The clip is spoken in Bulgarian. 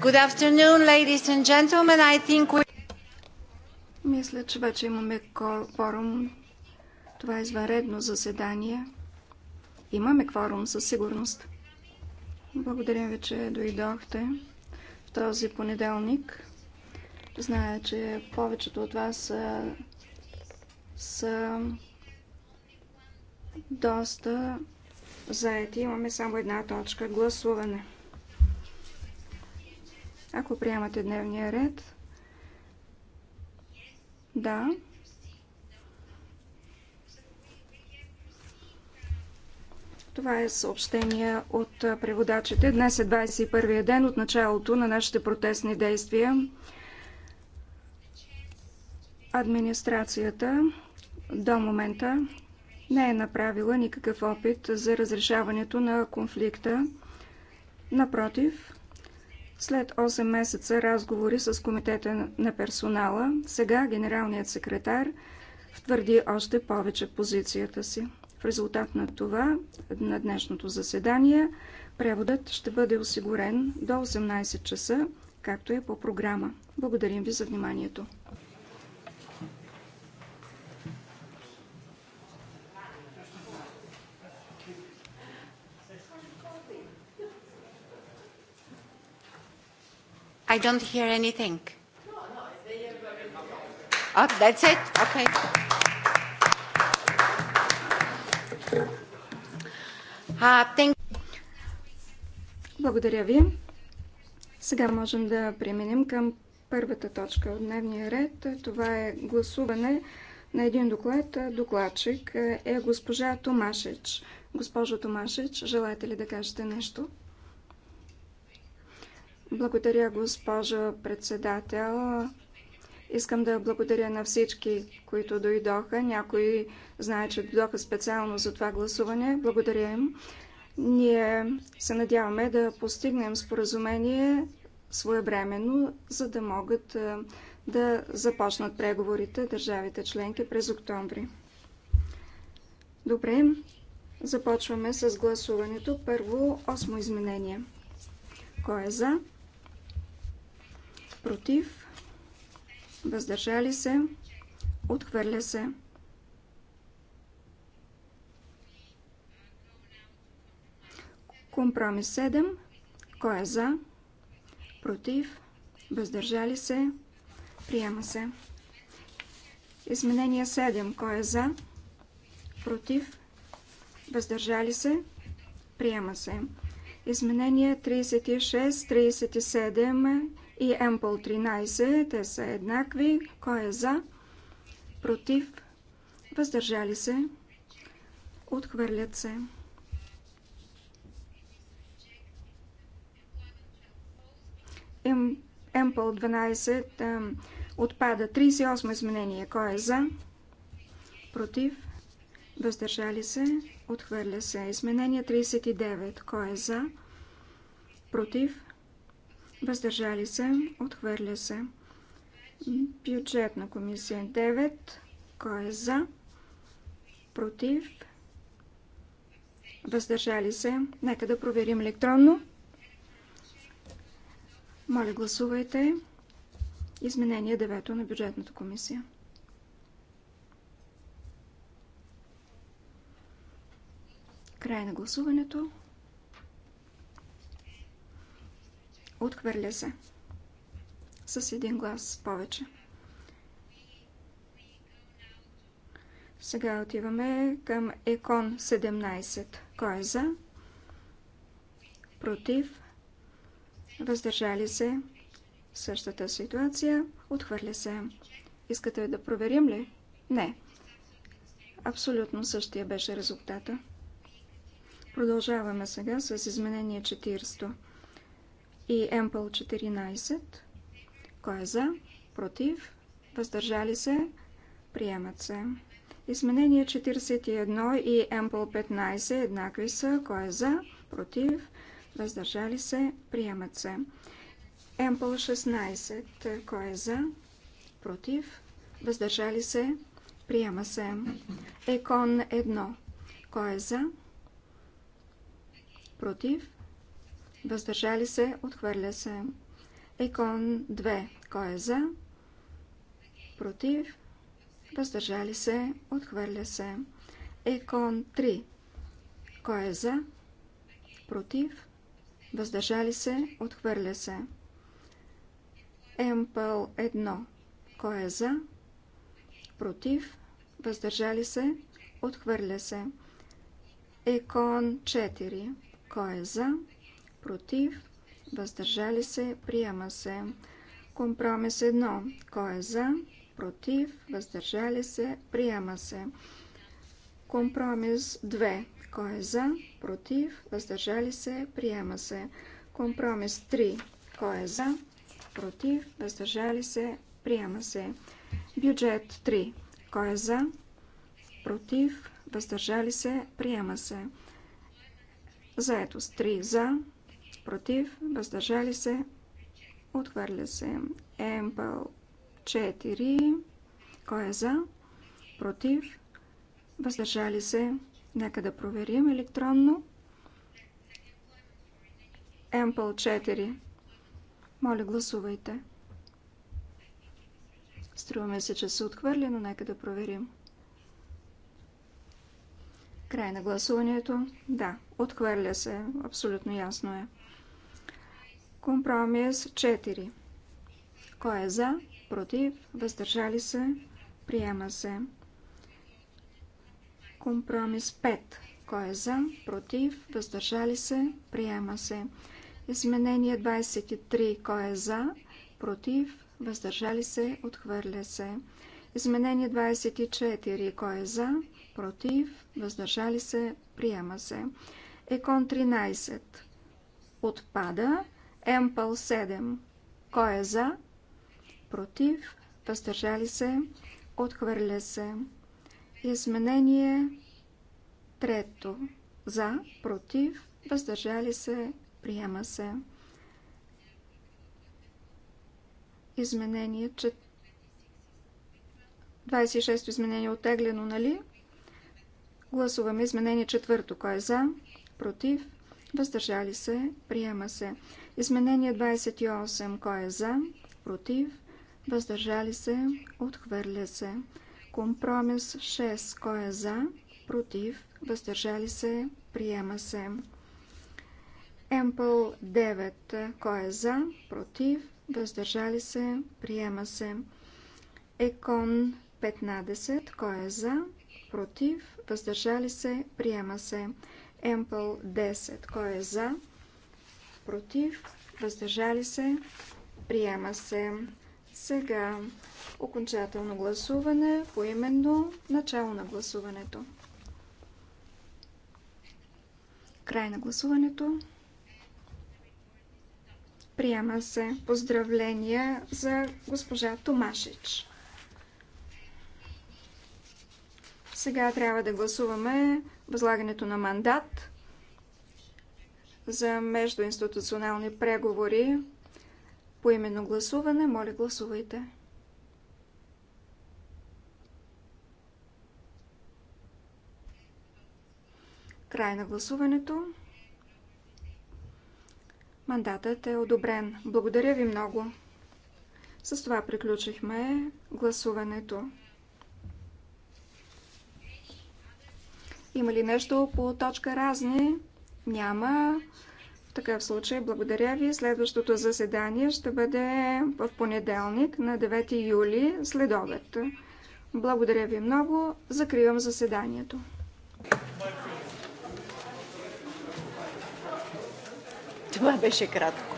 Good afternoon, ladies and gentlemen. I think we... Мисля, че вече имаме кворум. Това е извънредно заседание. Имаме кворум със сигурност. Благодарим ви, че дойдохте в този понеделник. Зная, че повечето от вас са, са доста заети. Имаме само една точка гласуване. Ако приемате дневния ред, да. Това е съобщение от преводачите. Днес е 21-я ден от началото на нашите протестни действия. Администрацията до момента не е направила никакъв опит за разрешаването на конфликта. Напротив, след 8 месеца разговори с Комитета на персонала, сега генералният секретар твърди още повече позицията си. В резултат на това, на днешното заседание, преводът ще бъде осигурен до 18 часа, както е по програма. Благодарим ви за вниманието. I don't hear anything. Oh, that's it? Okay. Uh, thank... Благодаря ви. Сега можем да преминем към първата точка от дневния ред. Това е гласуване на един доклад. Докладчик е госпожа Томашич. Госпожо Томашич, желаете ли да кажете нещо? Благодаря, госпожо председател. Искам да благодаря на всички, които дойдоха. Някои знаят, че дойдоха специално за това гласуване. Благодаря им. Ние се надяваме да постигнем споразумение своевременно, за да могат да започнат преговорите държавите членки през октомври. Добре, започваме с гласуването. Първо, осмо изменение. Кой е за? против, въздържали се, отхвърля се. Компромис 7. Кой е за? Против? Въздържали се? Приема се. Изменение 7. Кой е за? Против? Въздържали се? Приема се. Изменение 36, 37 и Ample 13. Те са еднакви. Кой е за? Против? Въздържали се? Отхвърлят се. Емпол 12 отпада. 38 изменение. Кой е за? Против? Въздържали се? Отхвърля се. Изменение 39. Кой е за? Против? въздържали се, отхвърля се. Бюджетна комисия 9, кой е за, против, въздържали се. Нека да проверим електронно. Моля, гласувайте изменение 9 на бюджетната комисия. Край на гласуването. Отхвърля се. С един глас повече. Сега отиваме към Екон 17. Кой е за? Против? Въздържали се? Същата ситуация. Отхвърля се. Искате да проверим ли? Не. Абсолютно същия беше резултата. Продължаваме сега с изменение 40 и МПЛ 14. Кой е за? Против? Въздържали се? Приемат се. Изменение 41 и МПЛ 15 еднакви са. Кой е за? Против? Въздържали се? Приемат се. МПЛ 16. Кой е за? Против? Въздържали се? Приема се. Екон 1. Кой е за? Против? въздържали се, отхвърля се. Екон 2, кой е за, против, въздържали се, отхвърля се. Екон 3, кой е за, против, въздържали се, отхвърля се. Емпъл 1, кой е за, против, въздържали се, отхвърля се. Екон 4, кой е за, против, против, въздържали се, приема се. Компромис 1. Кой е за, против, въздържали се, приема се. Компромис 2. Кой е за, против, въздържали се, приема се. Компромис 3. Кой е за, против, въздържали се, приема се. Бюджет 3. Кой е за, против, въздържали се, приема се. Заетост 3 за, против, въздържали се, отхвърля се. Емпъл 4, кой е за, против, въздържали се. Нека да проверим електронно. Емпъл 4. Моля, гласувайте. Струваме се, че се отхвърли, но нека да проверим. Край на гласуването. Да, отхвърля се. Абсолютно ясно е. Компромис 4. Кой е за? Против? Въздържали се? Приема се. Компромис 5. Кой е за? Против? Въздържали се? Приема се. Изменение 23. Кой е за? Против? Въздържали се? Отхвърля се. Изменение 24. Кой е за? Против? Въздържали се? Приема се. Екон 13. Отпада. Емпъл 7. Кой е за? Против. Въздържали се. Отхвърля се. Изменение трето. За. Против. Въздържали се. Приема се. Изменение Чет... 26 изменение е отеглено, нали? Гласуваме изменение четвърто. Кой е за? Против. Въздържали се. Приема се. Изменение 28. Кой е за? Против? Въздържали се? Отхвърля се. Компромис 6. Кой е за? Против? Въздържали се? Приема се. Емпъл 9. Кой е за? Против? Въздържали се? Приема се. Екон 15. Кой е за? Против? Въздържали се? Приема се. Емпъл 10. Кой е за? против, въздържали се, приема се. Сега окончателно гласуване, поименно начало на гласуването. Край на гласуването. Приема се поздравления за госпожа Томашич. Сега трябва да гласуваме възлагането на мандат за междуинституционални преговори по именно гласуване. Моля, гласувайте. Край на гласуването. Мандатът е одобрен. Благодаря ви много. С това приключихме гласуването. Има ли нещо по точка разни? Няма. В такъв случай благодаря ви. Следващото заседание ще бъде в понеделник на 9 юли след обед. Благодаря ви много. Закривам заседанието. Това беше кратко.